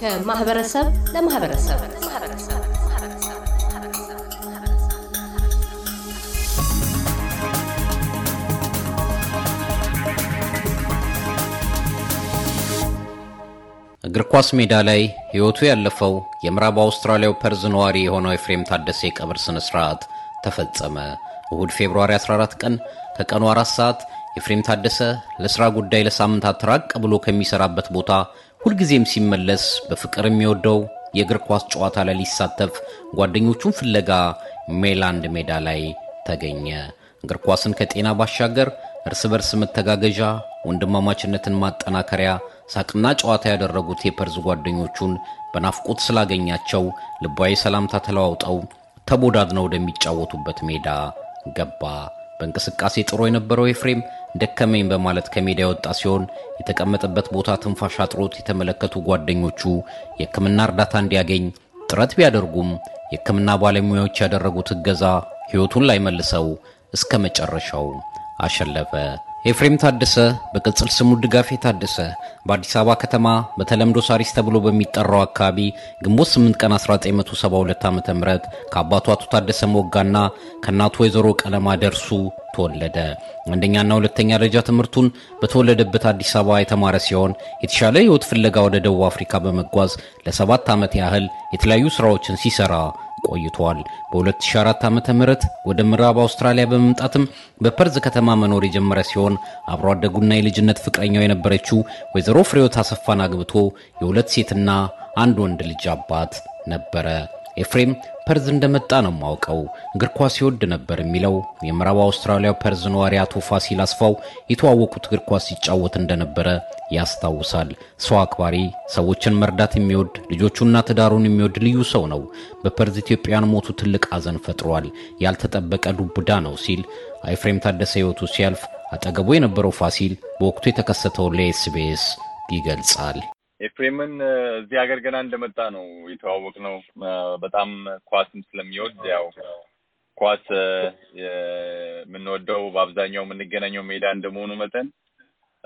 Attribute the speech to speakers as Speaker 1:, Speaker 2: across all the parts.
Speaker 1: ከማህበረሰብ ለማህበረሰብ
Speaker 2: እግር ኳስ ሜዳ ላይ ሕይወቱ ያለፈው የምዕራብ አውስትራሊያው ፐርዝ ነዋሪ የሆነው ኤፍሬም ታደሴ ቀብር ስነ ስርዓት ተፈጸመ። እሁድ ፌብርዋሪ 14 ቀን ከቀኑ 4 ሰዓት ኤፍሬም ታደሰ ለሥራ ጉዳይ ለሳምንታት ራቅ ብሎ ከሚሠራበት ቦታ ሁልጊዜም ሲመለስ በፍቅር የሚወደው የእግር ኳስ ጨዋታ ላይ ሊሳተፍ ጓደኞቹን ፍለጋ ሜላንድ ሜዳ ላይ ተገኘ። እግር ኳስን ከጤና ባሻገር እርስ በርስ መተጋገዣ፣ ወንድማማችነትን ማጠናከሪያ ሳቅና ጨዋታ ያደረጉት የፐርዝ ጓደኞቹን በናፍቆት ስላገኛቸው ልባዊ ሰላምታ ተለዋውጠው ተቦዳድነው ወደሚጫወቱበት ሜዳ ገባ። በእንቅስቃሴ ጥሮ የነበረው ኤፍሬም ደከመኝ በማለት ከሜዳ የወጣ ሲሆን የተቀመጠበት ቦታ ትንፋሽ አጥሮት የተመለከቱ ጓደኞቹ የሕክምና እርዳታ እንዲያገኝ ጥረት ቢያደርጉም የሕክምና ባለሙያዎች ያደረጉት እገዛ ሕይወቱን ላይ መልሰው እስከ መጨረሻው አሸለፈ። ኤፍሬም ታደሰ በቅጽል ስሙ ድጋፌ ታደሰ በአዲስ አበባ ከተማ በተለምዶ ሳሪስ ተብሎ በሚጠራው አካባቢ ግንቦት 8 ቀን 1972 ዓ ም ከአባቱ አቶ ታደሰ ሞጋና ከእናቱ ወይዘሮ ቀለማ ደርሱ ተወለደ። አንደኛና ሁለተኛ ደረጃ ትምህርቱን በተወለደበት አዲስ አበባ የተማረ ሲሆን የተሻለ ሕይወት ፍለጋ ወደ ደቡብ አፍሪካ በመጓዝ ለሰባት ዓመት ያህል የተለያዩ ስራዎችን ሲሰራ ቆይቷል። በ2004 ም ወደ ምዕራብ አውስትራሊያ በመምጣትም በፐርዝ ከተማ መኖር የጀመረ ሲሆን አብሮ አደጉና የልጅነት ፍቅረኛው የነበረችው ወይዘሮ ፍሬሕይወት አሰፋን አግብቶ የሁለት ሴትና አንድ ወንድ ልጅ አባት ነበረ። ኤፍሬም ፐርዝ እንደመጣ ነው ማውቀው። እግር ኳስ ይወድ ነበር የሚለው የምዕራብ አውስትራሊያ ፐርዝ ነዋሪ አቶ ፋሲል አስፋው የተዋወቁት እግር ኳስ ሲጫወት እንደነበረ ያስታውሳል። ሰው አክባሪ፣ ሰዎችን መርዳት የሚወድ ልጆቹና ትዳሩን የሚወድ ልዩ ሰው ነው። በፐርዝ ኢትዮጵያን ሞቱ ትልቅ ሐዘን ፈጥሯል። ያልተጠበቀ ዱብዳ ነው ሲል አይፍሬም ታደሰ ህይወቱ ሲያልፍ አጠገቡ የነበረው ፋሲል በወቅቱ የተከሰተውን ለኤስቢኤስ ይገልጻል።
Speaker 3: ኤፍሬምን እዚህ ሀገር ገና እንደመጣ ነው የተዋወቅ ነው። በጣም ኳስም ስለሚወድ ያው ኳስ የምንወደው በአብዛኛው የምንገናኘው ሜዳ እንደመሆኑ መጠን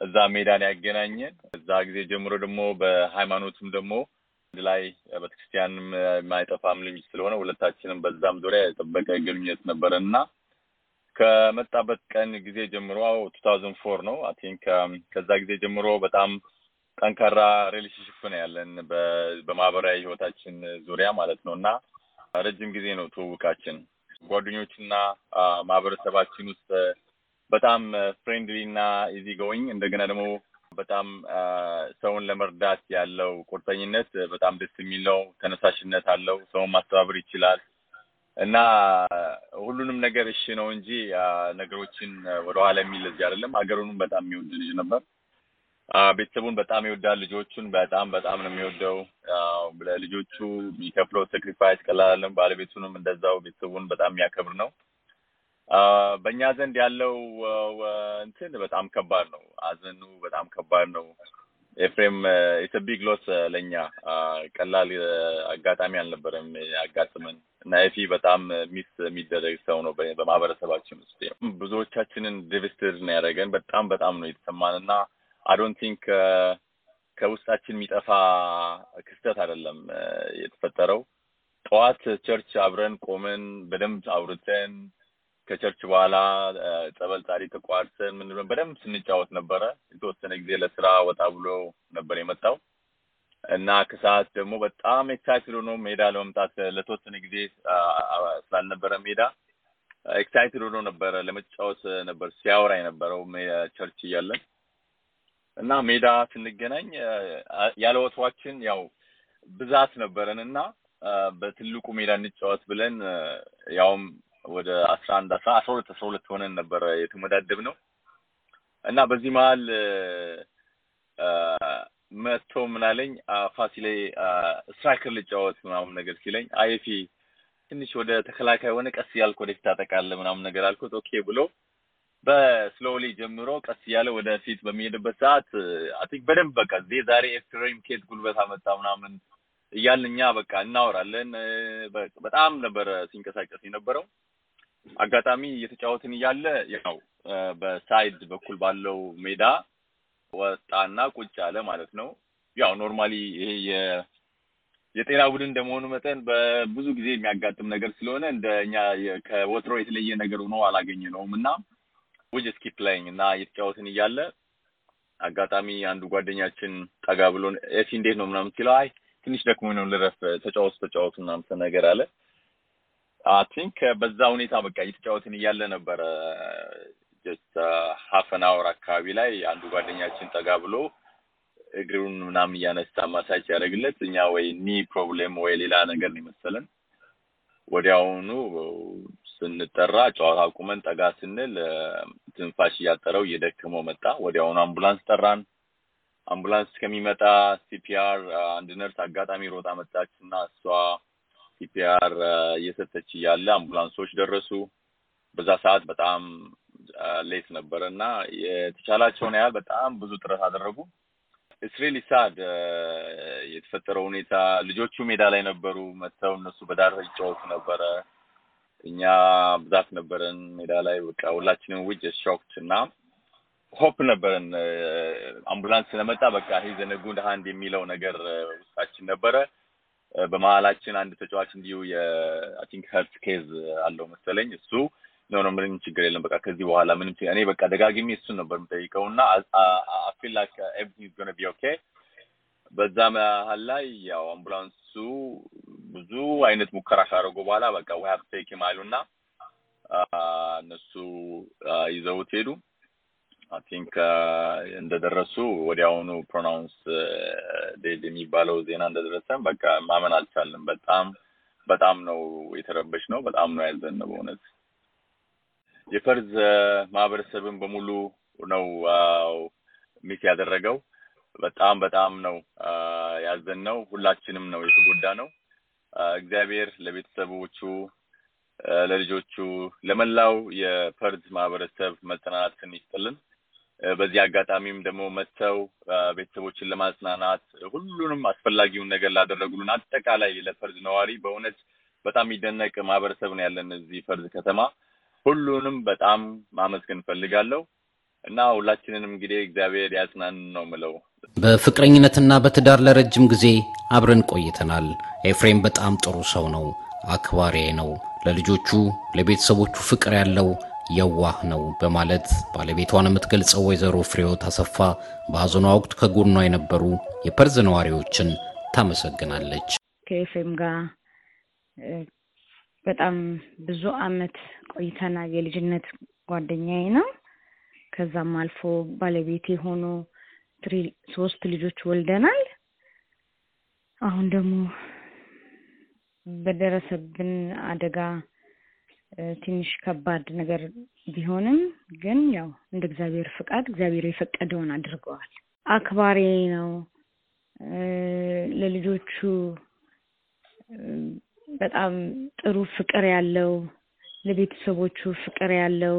Speaker 3: እዛ ሜዳን ያገናኘን እዛ ጊዜ ጀምሮ ደግሞ በሃይማኖትም ደግሞ አንድ ላይ ቤተክርስቲያን የማይጠፋም ልጅ ስለሆነ ሁለታችንም በዛም ዙሪያ የጠበቀ ግንኙነት ነበረ እና ከመጣበት ቀን ጊዜ ጀምሮ ቱ ታውዘንድ ፎር ነው አይ ቲንክ ከዛ ጊዜ ጀምሮ በጣም ጠንካራ ሪሌሽንሽፕ ነው ያለን በማህበራዊ ህይወታችን ዙሪያ ማለት ነው እና ረጅም ጊዜ ነው ትውውቃችን። ጓደኞችና ማህበረሰባችን ውስጥ በጣም ፍሬንድሊ እና ኢዚ ጎኝ እንደገና ደግሞ በጣም ሰውን ለመርዳት ያለው ቁርጠኝነት በጣም ደስ የሚል ነው። ተነሳሽነት አለው። ሰውን ማስተባበር ይችላል እና ሁሉንም ነገር እሺ ነው እንጂ ነገሮችን ወደኋላ የሚል እዚህ አይደለም። ሀገሩንም በጣም የሚወድ ልጅ ነበር። ቤተሰቡን በጣም ይወዳል። ልጆቹን በጣም በጣም ነው የሚወደው። ለልጆቹ የሚከፍለው ሰክሪፋይስ ቀላልም፣ ባለቤቱንም እንደዛው ቤተሰቡን በጣም የሚያከብር ነው። በእኛ ዘንድ ያለው እንትን በጣም ከባድ ነው። አዘኑ በጣም ከባድ ነው። ኤፍሬም ኢትስ ቢግ ሎስ ለእኛ ቀላል አጋጣሚ አልነበረም ያጋጥመን እና ኤፊ በጣም ሚስ የሚደረግ ሰው ነው በማህበረሰባችን ውስጥ ብዙዎቻችንን ዲቪስትድ ነው ያደረገን። በጣም በጣም ነው የተሰማን እና አዶንት ቲንክ uh, ከውስጣችን የሚጠፋ ክስተት አይደለም uh, የተፈጠረው። ጠዋት ቸርች አብረን ቆመን በደንብ አውርተን ከቸርች በኋላ uh, ጸበል ጣሪ ተቋርሰን ምን በደንብ ስንጫወት ነበረ። የተወሰነ ጊዜ ለስራ ወጣ ብሎ ነበር የመጣው እና ከሰዓት ደግሞ በጣም ኤክሳይትድ ሆኖ ሜዳ ለመምጣት ለተወሰነ ጊዜ ስላልነበረ ሜዳ ኤክሳይትድ ሆኖ ነበረ ለመጫወት ነበር ሲያወራ የነበረው ቸርች እያለን እና ሜዳ ስንገናኝ ያለ ያው ብዛት ነበረን እና በትልቁ ሜዳ እንጫወት ብለን ያውም ወደ አስራ አንድ አስራ አስራ ሁለት አስራ ሁለት ሆነን ነበረ የተመዳደብ ነው እና በዚህ መሀል መጥቶ ምናለኝ ፋሲሌ ስትራይከር ልጫወት ምናምን ነገር ሲለኝ አይፊ ትንሽ ወደ ተከላካይ ሆነ ቀስ እያልኩ ወደፊት ታጠቃለህ ምናምን ነገር አልኩት። ኦኬ ብሎ በስሎሊ ጀምሮ ቀስ እያለ ወደፊት በሚሄድበት ሰዓት አቲክ በደንብ በቃ ዜ ዛሬ ኤፍሬም ኬት ጉልበት አመጣ ምናምን እያልን እኛ በቃ እናወራለን። በጣም ነበረ ሲንቀሳቀስ የነበረው። አጋጣሚ እየተጫወትን እያለ ያው በሳይድ በኩል ባለው ሜዳ ወጣና ቁጭ አለ ማለት ነው። ያው ኖርማሊ ይሄ የጤና ቡድን እንደመሆኑ መጠን በብዙ ጊዜ የሚያጋጥም ነገር ስለሆነ እንደ እኛ ከወትሮ የተለየ ነገር ሆኖ አላገኘ ነውም እና ውጅ እስኪ ፕላይንግ እና እየተጫወትን እያለ አጋጣሚ አንዱ ጓደኛችን ጠጋ ብሎ ኤፊ እንዴት ነው ምናምን ሲለው አይ ትንሽ ደክሞኝ ነው ልረፍ፣ ተጫወቱ ተጫወቱ ምናምን ነገር አለ። አይ ቲንክ በዛ ሁኔታ በቃ እየተጫወትን እያለ ነበረ። ጀስት ሀፈን አወር አካባቢ ላይ አንዱ ጓደኛችን ጠጋ ብሎ እግሩን ምናምን እያነሳ ማሳጅ ያደረግለት እኛ ወይ ኒ ፕሮብሌም ወይ ሌላ ነገር ነው የመሰለን ወዲያውኑ ስንጠራ ጨዋታ ቁመን ጠጋ ስንል ትንፋሽ እያጠረው እየደከመው መጣ። ወዲያውኑ አምቡላንስ ጠራን። አምቡላንስ ከሚመጣ ሲፒአር አንድ ነርስ አጋጣሚ ሮጣ መጣች እና እሷ ሲፒአር እየሰጠች እያለ አምቡላንሶች ደረሱ። በዛ ሰዓት በጣም ሌት ነበረ እና የተቻላቸውን ያህል በጣም ብዙ ጥረት አደረጉ። እስሬሊ ሳድ የተፈጠረው ሁኔታ ልጆቹ ሜዳ ላይ ነበሩ። መጥተው እነሱ በዳር ይጫወቱ ነበረ። እኛ ብዛት ነበረን ሜዳ ላይ በቃ ሁላችንም ውጭ ሾክት እና ሆፕ ነበረን። አምቡላንስ ስለመጣ በቃ ሂዝ ኤ ጉድ ሃንድ የሚለው ነገር ውስጣችን ነበረ። በመሀላችን አንድ ተጫዋች እንዲሁ የአይ ቲንክ ሄርት ኬዝ አለው መሰለኝ እሱ ኖ ኖ ምንም ችግር የለም በቃ ከዚህ በኋላ ምንም እኔ በቃ ደጋግሜ እሱን ነበር የምጠይቀው እና አፊል ላክ ላይክ ኤቭሪቲንግ ኢዝ ጎና ቢ ኦኬ በዛ መሀል ላይ ያው አምቡላንሱ ብዙ አይነት ሙከራ ካደረጉ በኋላ በቃ ውሀ ውሀብ ማሉ አሉና እነሱ ይዘውት ሄዱ። አይ ቲንክ እንደደረሱ ወዲያውኑ ፕሮናውንስ ዴድ የሚባለው ዜና እንደደረሰን በቃ ማመን አልቻለም በጣም በጣም ነው የተረበሽ ነው። በጣም ነው ያዘን ነው በእውነት የፐርዝ ማህበረሰብን በሙሉ ነው ሚስ ያደረገው። በጣም በጣም ነው ያዘን ነው። ሁላችንም ነው የተጎዳ ነው። እግዚአብሔር ለቤተሰቦቹ፣ ለልጆቹ፣ ለመላው የፐርዝ ማህበረሰብ መጽናናትን ይስጥልን። በዚህ አጋጣሚም ደግሞ መጥተው ቤተሰቦችን ለማጽናናት ሁሉንም አስፈላጊውን ነገር ላደረጉልን አጠቃላይ ለፐርዝ ነዋሪ በእውነት በጣም የሚደነቅ ማህበረሰብ ነው ያለን እዚህ ፈርዝ ከተማ። ሁሉንም በጣም ማመስገን ፈልጋለሁ እና ሁላችንንም እንግዲህ እግዚአብሔር ያጽናን ነው ምለው።
Speaker 2: በፍቅረኝነትና በትዳር ለረጅም ጊዜ አብረን ቆይተናል። ኤፍሬም በጣም ጥሩ ሰው ነው፣ አክባሪዬ ነው፣ ለልጆቹ ለቤተሰቦቹ ፍቅር ያለው የዋህ ነው በማለት ባለቤቷን የምትገልጸው ወይዘሮ ፍሬው ተሰፋ በሐዘኗ ወቅት ከጎኗ የነበሩ የፐርዝ ነዋሪዎችን ታመሰግናለች።
Speaker 4: ከኤፍሬም ጋር በጣም ብዙ አመት ቆይተናል። የልጅነት ጓደኛዬ ነው። ከዛም አልፎ ባለቤት የሆኖ ሶስት ልጆች ወልደናል። አሁን ደግሞ በደረሰብን አደጋ ትንሽ ከባድ ነገር ቢሆንም ግን ያው እንደ እግዚአብሔር ፍቃድ እግዚአብሔር የፈቀደውን አድርገዋል። አክባሪ ነው። ለልጆቹ በጣም ጥሩ ፍቅር ያለው፣ ለቤተሰቦቹ ፍቅር ያለው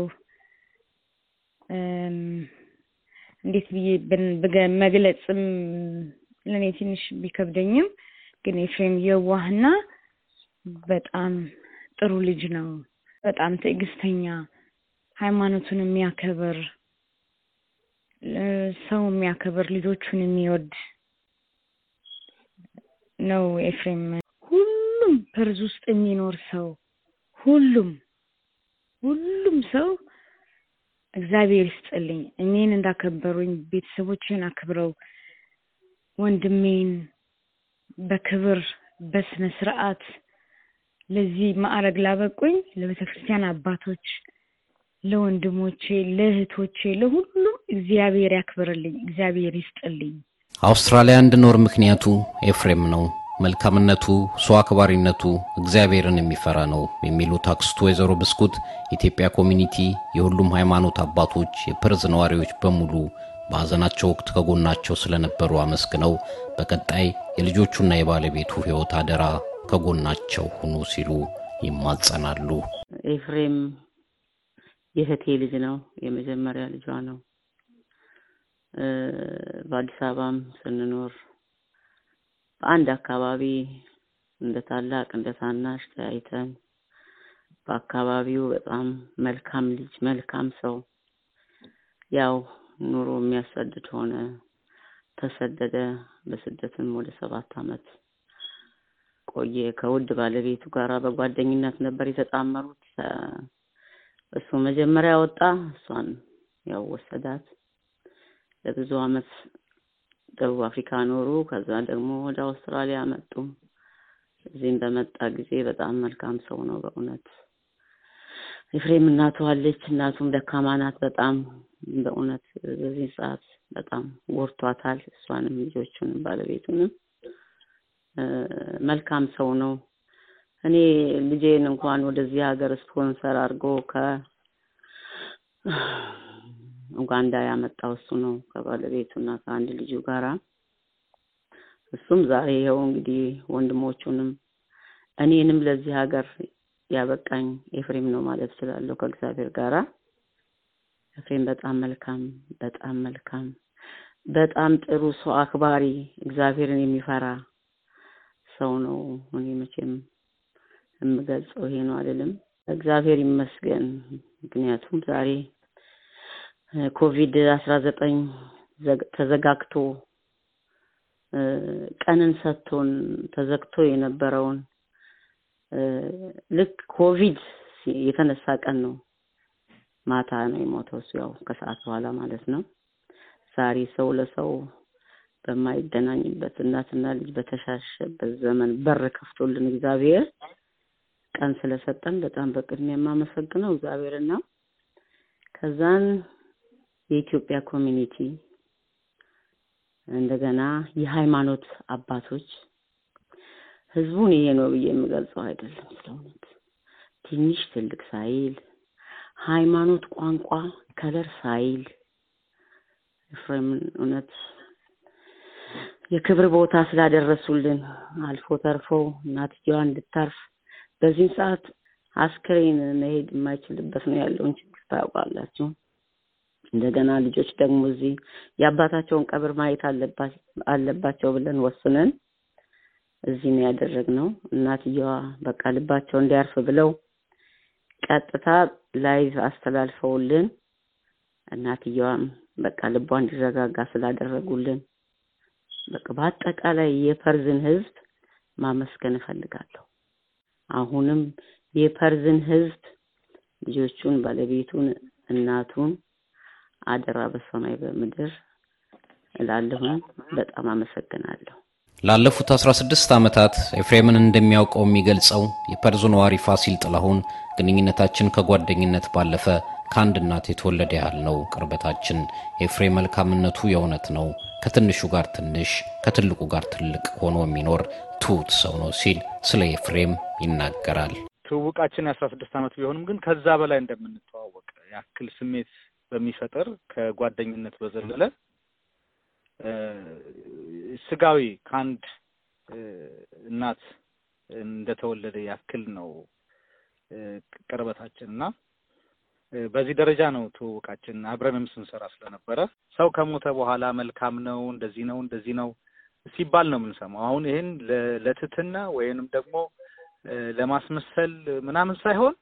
Speaker 4: እንዴት ብዬ መግለጽም ለእኔ ትንሽ ቢከብደኝም ግን ኤፍሬም የዋህና በጣም ጥሩ ልጅ ነው። በጣም ትዕግስተኛ፣ ሃይማኖቱን የሚያከብር ሰው የሚያከብር፣ ልጆቹን የሚወድ ነው ኤፍሬም። ሁሉም ፐርዝ ውስጥ የሚኖር ሰው ሁሉም ሁሉም ሰው እግዚአብሔር ይስጥልኝ። እኔን እንዳከበሩኝ ቤተሰቦችን አክብረው ወንድሜን በክብር በስነ ስርዓት ለዚህ ማዕረግ ላበቁኝ ለቤተክርስቲያን አባቶች፣ ለወንድሞቼ፣ ለእህቶቼ፣ ለሁሉም እግዚአብሔር ያክብርልኝ፣ እግዚአብሔር
Speaker 2: ይስጥልኝ። አውስትራሊያ እንድኖር ምክንያቱ ኤፍሬም ነው። መልካምነቱ፣ ሰው አክባሪነቱ እግዚአብሔርን የሚፈራ ነው የሚሉት አክስቱ ወይዘሮ ብስኩት የኢትዮጵያ ኮሚኒቲ የሁሉም ሃይማኖት አባቶች የፐርዝ ነዋሪዎች በሙሉ በሐዘናቸው ወቅት ከጎናቸው ስለነበሩ አመስግነው በቀጣይ የልጆቹና የባለቤቱ ሕይወት አደራ ከጎናቸው ሁኑ ሲሉ ይማጸናሉ።
Speaker 5: ኤፍሬም የእህቴ ልጅ ነው። የመጀመሪያ ልጇ ነው። በአዲስ አበባም ስንኖር በአንድ አካባቢ እንደ ታላቅ እንደ ታናሽ ተያይተን በአካባቢው በጣም መልካም ልጅ መልካም ሰው ያው ኑሮ የሚያሰድድ ሆነ። ተሰደደ። በስደትም ወደ ሰባት አመት ቆየ። ከውድ ባለቤቱ ጋር በጓደኝነት ነበር የተጣመሩት። እሱ መጀመሪያ ወጣ፣ እሷን ያው ወሰዳት። ለብዙ አመት ደቡብ አፍሪካ ኖሩ። ከዛ ደግሞ ወደ አውስትራሊያ መጡ። እዚህም በመጣ ጊዜ በጣም መልካም ሰው ነው በእውነት። ኤፍሬም እናቱ አለች። እናቱም ደካማ ናት በጣም በእውነት በዚህ ሰዓት በጣም ጎርቷታል እሷንም ልጆቹንም ባለቤቱንም። መልካም ሰው ነው። እኔ ልጄን እንኳን ወደዚህ ሀገር ስፖንሰር አድርጎ ከ ኡጋንዳ ያመጣው እሱ ነው ከባለቤቱና ከአንድ ልጁ ጋራ። እሱም ዛሬ ይኸው እንግዲህ ወንድሞቹንም እኔንም ለዚህ ሀገር ያበቃኝ ኤፍሬም ነው ማለት ስላለው ከእግዚአብሔር ጋራ። ኤፍሬም በጣም መልካም፣ በጣም መልካም፣ በጣም ጥሩ ሰው፣ አክባሪ፣ እግዚአብሔርን የሚፈራ ሰው ነው። እኔ መቼም የምገልጸው ይሄ ነው አይደለም። እግዚአብሔር ይመስገን። ምክንያቱም ዛሬ ኮቪድ አስራ ዘጠኝ ተዘጋግቶ ቀንን ሰጥቶን ተዘግቶ የነበረውን ልክ ኮቪድ የተነሳ ቀን ነው ማታ ነው የሞተው እሱ ያው ከሰዓት በኋላ ማለት ነው። ዛሬ ሰው ለሰው በማይገናኝበት እናትና ልጅ በተሻሸበት ዘመን በር ከፍቶልን እግዚአብሔር ቀን ስለሰጠን በጣም በቅድሚያ የማመሰግነው እግዚአብሔርና ከዛን የኢትዮጵያ ኮሚኒቲ እንደገና የሃይማኖት አባቶች ህዝቡን ይሄ ነው ብዬ የምገልጸው አይደለም። ስለሆነት ትንሽ ትልቅ ሳይል ሃይማኖት፣ ቋንቋ፣ ከለር ሳይል ኤፍሬምን እውነት የክብር ቦታ ስላደረሱልን አልፎ ተርፎ እናትየዋ እንድታርፍ በዚህም ሰዓት አስክሬን መሄድ የማይችልበት ነው ያለውን ችግር ታያውቃላችሁ። እንደገና ልጆች ደግሞ እዚህ የአባታቸውን ቀብር ማየት አለባቸው ብለን ወስነን እዚህ ነው ያደረግነው። እናትየዋ በቃ ልባቸው እንዲያርፍ ብለው ቀጥታ ላይቭ አስተላልፈውልን እናትየዋም በቃ ልቧ እንዲረጋጋ ስላደረጉልን በቃ በአጠቃላይ የፐርዝን ሕዝብ ማመስገን እፈልጋለሁ። አሁንም የፐርዝን ሕዝብ ልጆቹን፣ ባለቤቱን፣ እናቱን አደራ በሰማይ በምድር እላለሁኝ። በጣም አመሰግናለሁ።
Speaker 2: ላለፉት 16 ዓመታት ኤፍሬምን እንደሚያውቀው የሚገልጸው የፐርዙ ነዋሪ ፋሲል ጥላሁን ግንኙነታችን ከጓደኝነት ባለፈ ከአንድ እናት የተወለደ ያህል ነው ቅርበታችን። ኤፍሬም መልካምነቱ የእውነት ነው። ከትንሹ ጋር ትንሽ ከትልቁ ጋር ትልቅ ሆኖ የሚኖር ትሁት ሰው ነው ሲል ስለ ኤፍሬም ይናገራል።
Speaker 1: ትውውቃችን የ16 ዓመት ቢሆንም ግን ከዛ በላይ እንደምንተዋወቅ ያክል ስሜት በሚፈጠር ከጓደኝነት በዘለለ ስጋዊ ከአንድ እናት እንደተወለደ ያክል ነው ቅርበታችን እና በዚህ ደረጃ ነው ትውውቃችን። አብረንም ስንሰራ ስለነበረ ሰው ከሞተ በኋላ መልካም ነው እንደዚህ ነው እንደዚህ ነው ሲባል ነው የምንሰማው። አሁን ይህን ለትትና ወይንም ደግሞ ለማስመሰል ምናምን ሳይሆን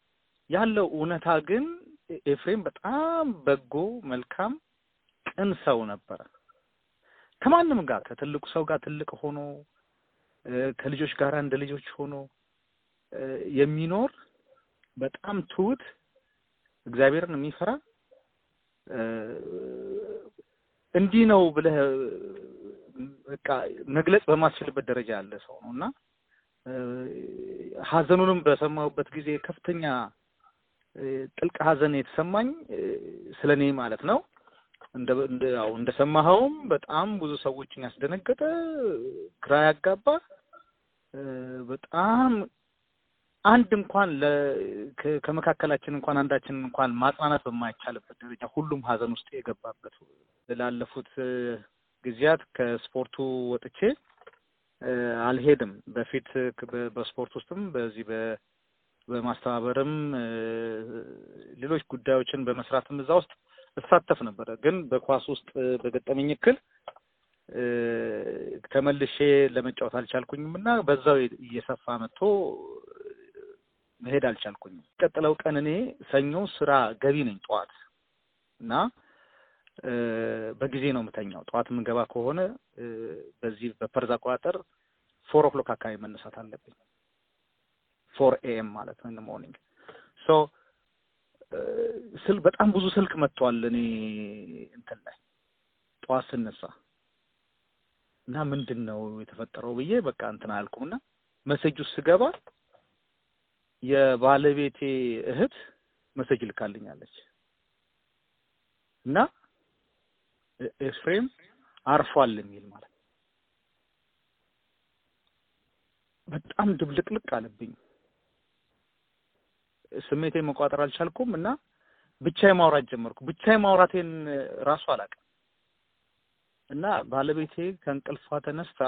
Speaker 1: ያለው እውነታ ግን ኤፍሬም በጣም በጎ፣ መልካም፣ ቅን ሰው ነበረ። ከማንም ጋር ከትልቁ ሰው ጋር ትልቅ ሆኖ ከልጆች ጋር እንደ ልጆች ሆኖ የሚኖር በጣም ትውት እግዚአብሔርን የሚፈራ እንዲህ ነው ብለህ በቃ መግለጽ በማስችልበት ደረጃ ያለ ሰው ነው እና ሐዘኑንም በሰማሁበት ጊዜ ከፍተኛ ጥልቅ ሀዘን የተሰማኝ ስለ እኔ ማለት ነው። እንደሰማኸውም በጣም ብዙ ሰዎችን ያስደነገጠ ግራ ያጋባ በጣም አንድ እንኳን ከመካከላችን እንኳን አንዳችን እንኳን ማጽናናት በማይቻልበት ደረጃ ሁሉም ሀዘን ውስጥ የገባበት ላለፉት ጊዜያት ከስፖርቱ ወጥቼ አልሄድም። በፊት በስፖርት ውስጥም በዚህ በማስተባበርም ሌሎች ጉዳዮችን በመስራትም እዛ ውስጥ እሳተፍ ነበረ። ግን በኳስ ውስጥ በገጠመኝ እክል ተመልሼ ለመጫወት አልቻልኩኝም እና በዛው እየሰፋ መጥቶ መሄድ አልቻልኩኝም። ቀጥለው ቀን እኔ ሰኞ ስራ ገቢ ነኝ ጠዋት እና በጊዜ ነው የምተኛው። ጠዋት የምንገባ ከሆነ በዚህ በፐርዝ አቆጣጠር ፎር ኦክሎክ አካባቢ መነሳት አለብኝ። ፎር ኤኤም ማለት ነው ኢን ሞርኒንግ ሶ ስል በጣም ብዙ ስልክ መጥቷል። እኔ እንትን ላይ ጠዋት ስነሳ እና ምንድን ነው የተፈጠረው ብዬ በቃ እንትን አያልኩም እና መሰጅ ውስጥ ስገባ የባለቤቴ እህት መሰጅ ልካልኛለች እና ኤፍሬም አርፏል የሚል ማለት በጣም ድብልቅልቅ አለብኝ። ስሜቴ መቋጠር አልቻልኩም እና ብቻዬ ማውራት ጀመርኩ። ብቻዬ ማውራቴን ራሱ አላውቅም እና ባለቤቴ ከእንቅልፏ ተነስታ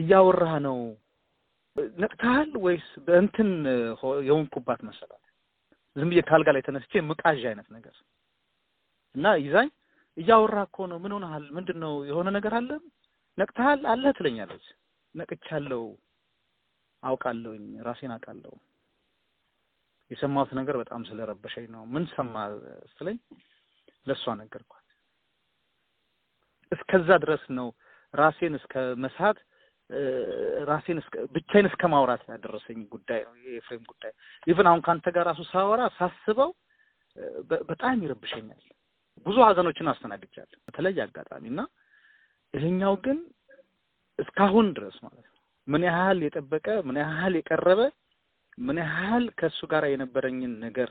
Speaker 1: እያወራህ ነው ነቅተሃል ወይስ በእንትን የሆንኩባት መሰላት። ዝም ብዬ ካልጋ ላይ ተነስቼ ምቃዥ አይነት ነገር እና ይዛኝ እያወራህ እኮ ነው፣ ምን ሆነሃል? ምንድን ነው የሆነ ነገር አለ? ነቅተሃል አለህ ትለኛለች። ነቅቻለሁ አውቃለሁኝ፣ ራሴን አውቃለሁ። የሰማሁት ነገር በጣም ስለረበሸኝ ነው። ምን ሰማ ስለኝ ለእሷ ነገርኳት። እስከዛ ድረስ ነው ራሴን እስከ መሳት ራሴን እስከ ብቻዬን እስከ ማውራት ያደረሰኝ ጉዳይ ነው የኤፍሬም ጉዳይ። ኢቭን አሁን ከአንተ ጋር ራሱ ሳወራ ሳስበው በጣም ይረብሸኛል። ብዙ ሀዘኖችን አስተናግጃለሁ በተለይ አጋጣሚ እና ይሄኛው ግን እስካሁን ድረስ ማለት ነው ምን ያህል የጠበቀ ምን ያህል የቀረበ ምን ያህል ከእሱ ጋር የነበረኝን ነገር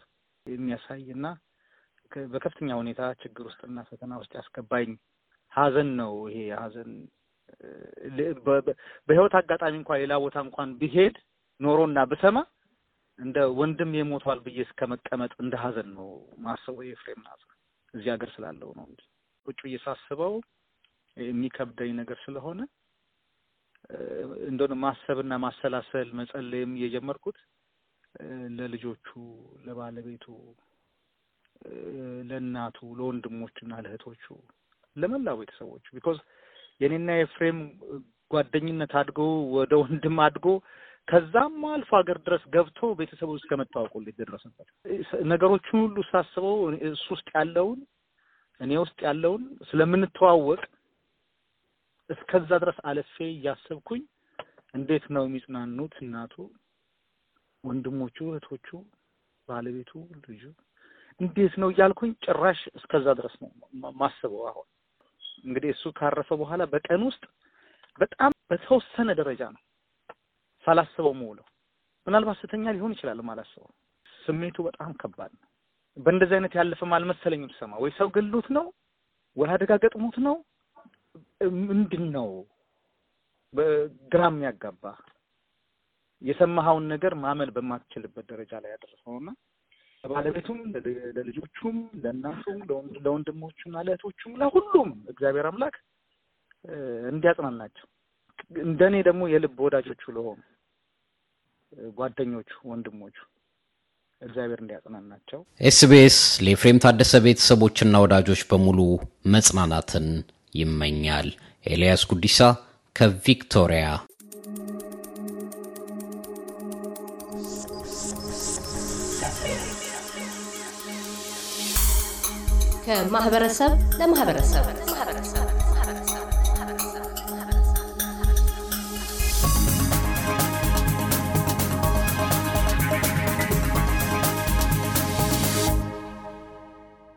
Speaker 1: የሚያሳይና በከፍተኛ ሁኔታ ችግር ውስጥና ፈተና ውስጥ ያስገባኝ ሀዘን ነው። ይሄ ሀዘን በህይወት አጋጣሚ እንኳን ሌላ ቦታ እንኳን ብሄድ ኖሮና ብሰማ እንደ ወንድም የሞቷል ብዬ እስከ መቀመጥ እንደ ሀዘን ነው ማሰብ። ኤፍሬም ናዝ እዚህ ሀገር ስላለው ነው እንጂ እየሳስበው የሚከብደኝ ነገር ስለሆነ እንደሆነ ማሰብና ማሰላሰል መጸለይም የጀመርኩት ለልጆቹ፣ ለባለቤቱ፣ ለእናቱ፣ ለወንድሞቹና ለእህቶቹ ለመላው ቤተሰቦቹ ቢኮዝ የኔና የፍሬም ጓደኝነት አድጎ ወደ ወንድም አድጎ ከዛም አልፎ ሀገር ድረስ ገብቶ ቤተሰቡ እስከ መታወቁ ደረሰበት። ነገሮቹን ሁሉ ሳስበው እሱ ውስጥ ያለውን እኔ ውስጥ ያለውን ስለምንተዋወቅ እስከዛ ድረስ አለፌ እያሰብኩኝ እንዴት ነው የሚጽናኑት እናቱ፣ ወንድሞቹ፣ እህቶቹ፣ ባለቤቱ፣ ልጁ እንዴት ነው እያልኩኝ ጭራሽ እስከዛ ድረስ ነው ማስበው። አሁን እንግዲህ እሱ ካረፈ በኋላ በቀን ውስጥ በጣም በተወሰነ ደረጃ ነው ሳላስበው መውለው። ምናልባት ስተኛ ሊሆን ይችላል ማላስበው። ስሜቱ በጣም ከባድ ነው። በእንደዚህ አይነት ያለፈም አልመሰለኝም። ስሰማ ወይ ሰው ገሎት ነው ወይ አደጋ ገጥሞት ነው ምንድን ነው ግራ የሚያጋባ የሰማኸውን ነገር ማመን በማትችልበት ደረጃ ላይ ያደረሰውና ለባለቤቱም ለልጆቹም ለእናቱም ለወንድሞቹና ለእህቶቹም ለሁሉም እግዚአብሔር አምላክ እንዲያጽናናቸው እንደኔ ደግሞ የልብ ወዳጆቹ ለሆኑ ጓደኞቹ፣ ወንድሞቹ እግዚአብሔር እንዲያጽናናቸው።
Speaker 2: ኤስቢኤስ ለፍሬም ታደሰ ቤተሰቦችና ወዳጆች በሙሉ መጽናናትን ይመኛል። ኤልያስ ጉዲሳ ከቪክቶሪያ ከማህበረሰብ ለማህበረሰብ